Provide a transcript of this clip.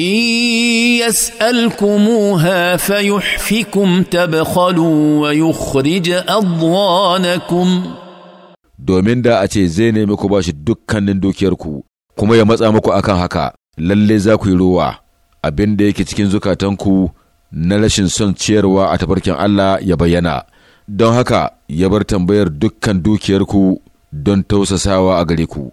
إن يسألكموها فيحفكم تبخلوا ويخرج أضوانكم domin da a ce zai nemi ku bashi dukkanin dukiyarku kuma ya matsa muku akan haka lallai za ku yi ruwa, abin da yake cikin zukatanku na rashin son ciyarwa a ta tafarkin Allah ya bayyana don haka ya bar tambayar dukkan dukiyarku don tausasawa a gare ku